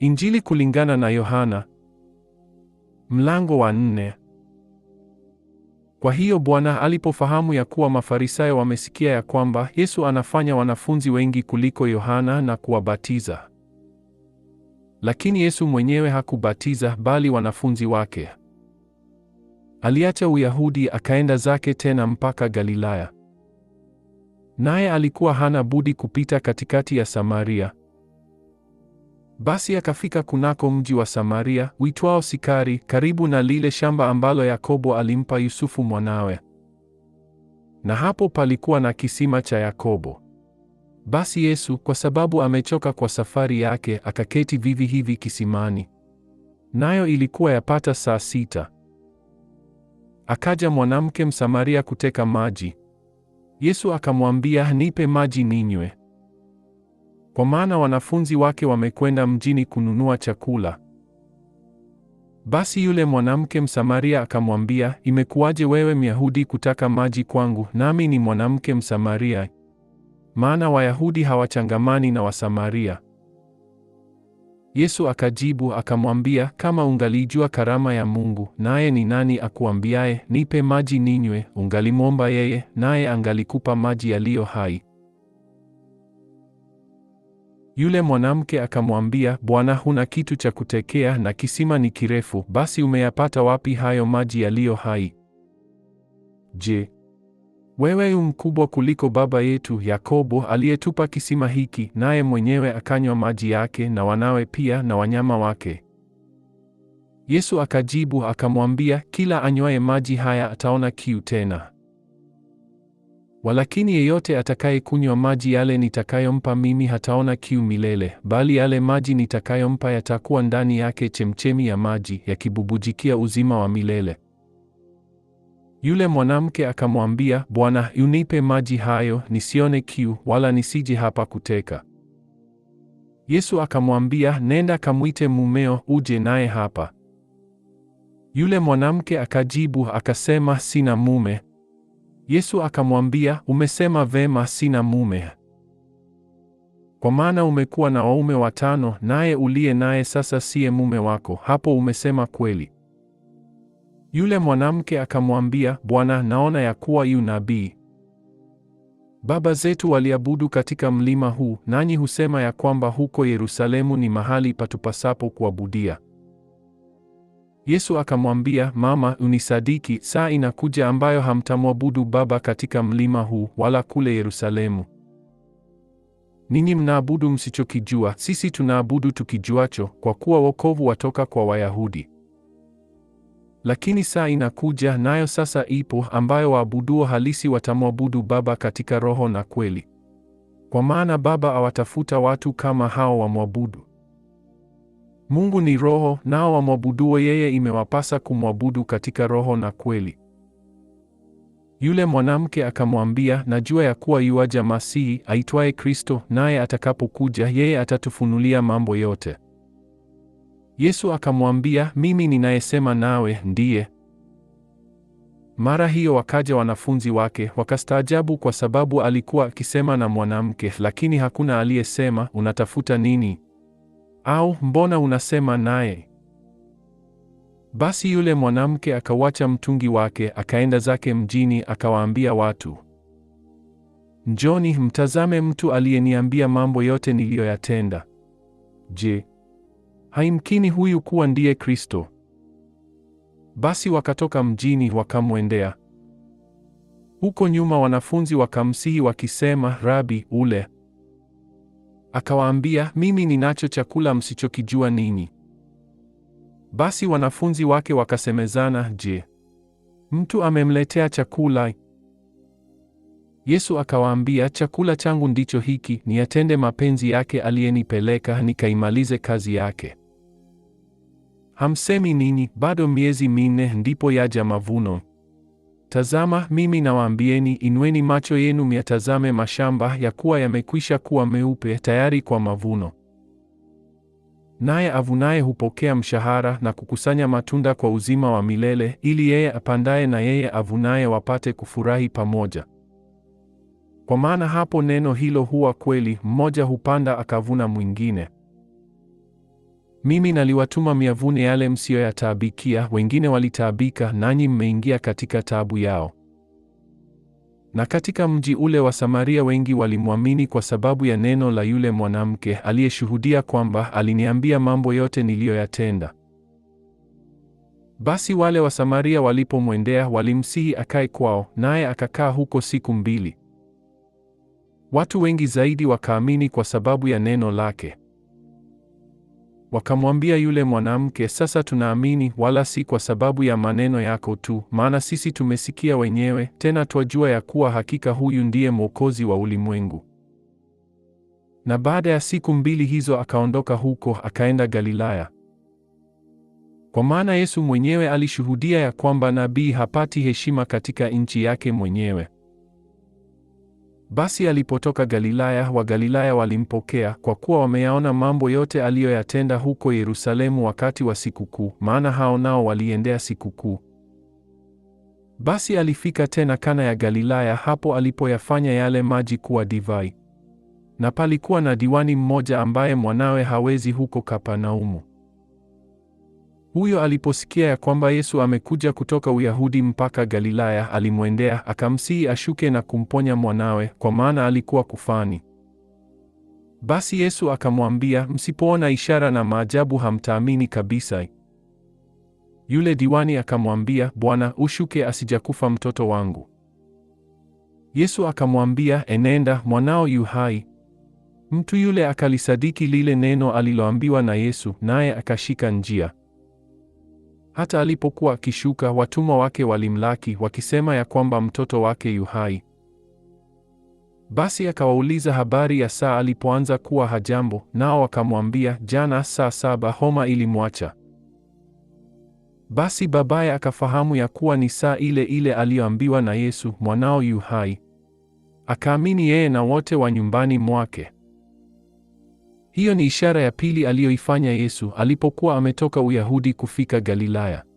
Injili kulingana na Yohana mlango wa nne. Kwa hiyo Bwana alipofahamu ya kuwa Mafarisayo wamesikia ya kwamba Yesu anafanya wanafunzi wengi kuliko Yohana na kuwabatiza, lakini Yesu mwenyewe hakubatiza bali wanafunzi wake, aliacha Uyahudi akaenda zake tena mpaka Galilaya. Naye alikuwa hana budi kupita katikati ya Samaria. Basi akafika kunako mji wa Samaria witwao Sikari, karibu na lile shamba ambalo Yakobo alimpa Yusufu mwanawe, na hapo palikuwa na kisima cha Yakobo. Basi Yesu, kwa sababu amechoka kwa safari yake, akaketi vivi hivi kisimani. Nayo ilikuwa yapata saa sita. Akaja mwanamke Msamaria kuteka maji. Yesu akamwambia, nipe maji ninywe. Kwa maana wanafunzi wake wamekwenda mjini kununua chakula. Basi yule mwanamke Msamaria akamwambia, imekuwaje wewe Myahudi kutaka maji kwangu, nami ni mwanamke Msamaria? Maana Wayahudi hawachangamani na Wasamaria. Yesu akajibu akamwambia, kama ungalijua karama ya Mungu, naye ni nani akuambiaye nipe maji ninywe, ungalimwomba yeye, naye angalikupa maji yaliyo hai. Yule mwanamke akamwambia, Bwana, huna kitu cha kutekea na kisima ni kirefu, basi umeyapata wapi hayo maji yaliyo hai? Je, wewe u mkubwa kuliko baba yetu Yakobo aliyetupa kisima hiki, naye mwenyewe akanywa maji yake na wanawe pia na wanyama wake? Yesu akajibu akamwambia, kila anywaye maji haya ataona kiu tena Walakini yeyote atakayekunywa maji yale nitakayompa mimi hataona kiu milele, bali yale maji nitakayompa yatakuwa ndani yake chemchemi ya maji yakibubujikia uzima wa milele. Yule mwanamke akamwambia, Bwana, unipe maji hayo nisione kiu wala nisije hapa kuteka. Yesu akamwambia, nenda kamwite mumeo uje naye hapa. Yule mwanamke akajibu akasema, sina mume. Yesu akamwambia, umesema vema, sina mume. Kwa maana umekuwa na waume watano, naye uliye naye sasa siye mume wako; hapo umesema kweli. Yule mwanamke akamwambia, Bwana, naona ya kuwa yu nabii. Baba zetu waliabudu katika mlima huu, nanyi husema ya kwamba huko Yerusalemu ni mahali patupasapo kuabudia. Yesu akamwambia, Mama, unisadiki, saa inakuja ambayo hamtamwabudu Baba katika mlima huu wala kule Yerusalemu. Ninyi mnaabudu msichokijua, sisi tunaabudu tukijuacho, kwa kuwa wokovu watoka kwa Wayahudi. Lakini saa inakuja, nayo sasa ipo, ambayo waabuduo halisi watamwabudu Baba katika roho na kweli, kwa maana Baba awatafuta watu kama hao wamwabudu. Mungu ni roho, nao wamwabuduo yeye imewapasa kumwabudu katika roho na kweli. Yule mwanamke akamwambia, najua ya kuwa yuaja Masihi aitwaye Kristo, naye atakapokuja yeye atatufunulia mambo yote. Yesu akamwambia, mimi ninayesema nawe ndiye. Mara hiyo wakaja wanafunzi wake wakastaajabu, kwa sababu alikuwa akisema na mwanamke, lakini hakuna aliyesema, unatafuta nini? Au mbona unasema naye? Basi yule mwanamke akawacha mtungi wake akaenda zake mjini, akawaambia watu, njoni mtazame mtu aliyeniambia mambo yote niliyoyatenda. Je, haimkini huyu kuwa ndiye Kristo? Basi wakatoka mjini wakamwendea. Huko nyuma wanafunzi wakamsihi wakisema, Rabi, ule Akawaambia, mimi ninacho chakula msichokijua ninyi. Basi wanafunzi wake wakasemezana, je, mtu amemletea chakula? Yesu akawaambia, chakula changu ndicho hiki, niyatende mapenzi yake aliyenipeleka, nikaimalize kazi yake. Hamsemi ninyi, bado miezi minne ndipo yaja mavuno? Tazama, mimi nawaambieni, inueni macho yenu myatazame mashamba, ya kuwa yamekwisha kuwa meupe tayari kwa mavuno. Naye avunaye hupokea mshahara na kukusanya matunda kwa uzima wa milele, ili yeye apandaye na yeye avunaye wapate kufurahi pamoja. Kwa maana hapo neno hilo huwa kweli, mmoja hupanda akavuna mwingine. Mimi naliwatuma miavuni yale msiyoyataabikia, wengine walitaabika, nanyi mmeingia katika taabu yao. Na katika mji ule wa Samaria wengi walimwamini kwa sababu ya neno la yule mwanamke aliyeshuhudia kwamba aliniambia mambo yote niliyoyatenda. Basi wale wa Samaria walipomwendea walimsihi akae kwao, naye akakaa huko siku mbili. Watu wengi zaidi wakaamini kwa sababu ya neno lake. Wakamwambia yule mwanamke, sasa tunaamini, wala si kwa sababu ya maneno yako tu, maana sisi tumesikia wenyewe, tena twajua ya kuwa hakika huyu ndiye Mwokozi wa ulimwengu. Na baada ya siku mbili hizo akaondoka huko, akaenda Galilaya, kwa maana Yesu mwenyewe alishuhudia ya kwamba nabii hapati heshima katika nchi yake mwenyewe. Basi alipotoka Galilaya, Wagalilaya walimpokea kwa kuwa wameyaona mambo yote aliyoyatenda huko Yerusalemu wakati wa sikukuu, maana hao nao waliendea sikukuu. Basi alifika tena Kana ya Galilaya, hapo alipoyafanya yale maji kuwa divai. Na palikuwa na diwani mmoja ambaye mwanawe hawezi huko kapanaumu huyo aliposikia ya kwamba Yesu amekuja kutoka Uyahudi mpaka Galilaya, alimwendea akamsihi ashuke na kumponya mwanawe, kwa maana alikuwa kufani. Basi Yesu akamwambia, msipoona ishara na maajabu hamtaamini kabisa. Yule diwani akamwambia, Bwana, ushuke asijakufa mtoto wangu. Yesu akamwambia, enenda, mwanao yu hai. Mtu yule akalisadiki lile neno aliloambiwa na Yesu, naye akashika njia. Hata alipokuwa akishuka, watumwa wake walimlaki wakisema ya kwamba mtoto wake yu hai. Basi akawauliza habari ya saa alipoanza kuwa hajambo, nao wakamwambia, jana saa saba homa ilimwacha. Basi babaye akafahamu ya kuwa ni saa ile ile aliyoambiwa na Yesu, mwanao yu hai. Akaamini yeye na wote wa nyumbani mwake. Hiyo ni ishara ya pili aliyoifanya Yesu alipokuwa ametoka Uyahudi kufika Galilaya.